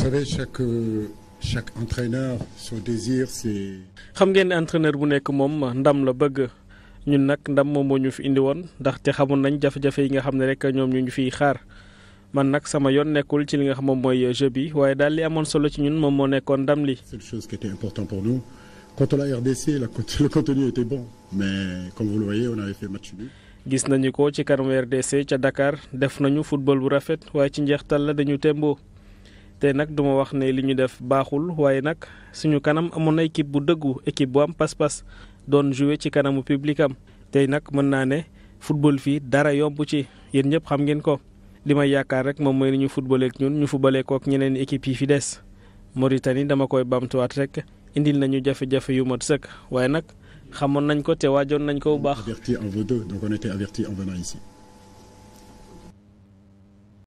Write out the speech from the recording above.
Vous savez, chaque euh, chaque entraîneur son désir c'est. xam ngeen ne entraîneur bu nekk moom ndam la bëgg ñun nag ndam moom moo ñu fi indi woon ndaxte xamoon nañ jafe-jafe yi nga xam ne rek ñoom ñu ñu fiy xaar man nag sama yoon nekkul ci li nga xam moom mooy jeu bi waaye daal li amoon solo ci ñun moom moo nekkoon ndam li. c'est une chose qui était importante pour nous la RDC le contenu était bon mais comme vous le voyez on avait fait match nul. gis nañu ko ci kanam RDC ca Dakar def nañu football bu rafet waaye ci njeextal la dañu tembo. te nag duma wax ne li ñu def baaxul waaye nag suñu kanam amoon na équipe bu dëggu équipe bu am pas-pas doon joué ci kanamu public am tey nag mën naa ne football fii dara yomb ci yéen ñëpp xam ngeen ko li may yaakaar rek moom mooy ni ñu footballé ak ñun ñu footballé ko ak ñeneen équipe yi fi des Mauritanie dama koy bamtuwaat rek indi nañu jafe-jafe yu mat sëkk waaye nag xamoon nañ ko te waajoon nañ ko bu baax. averti en V2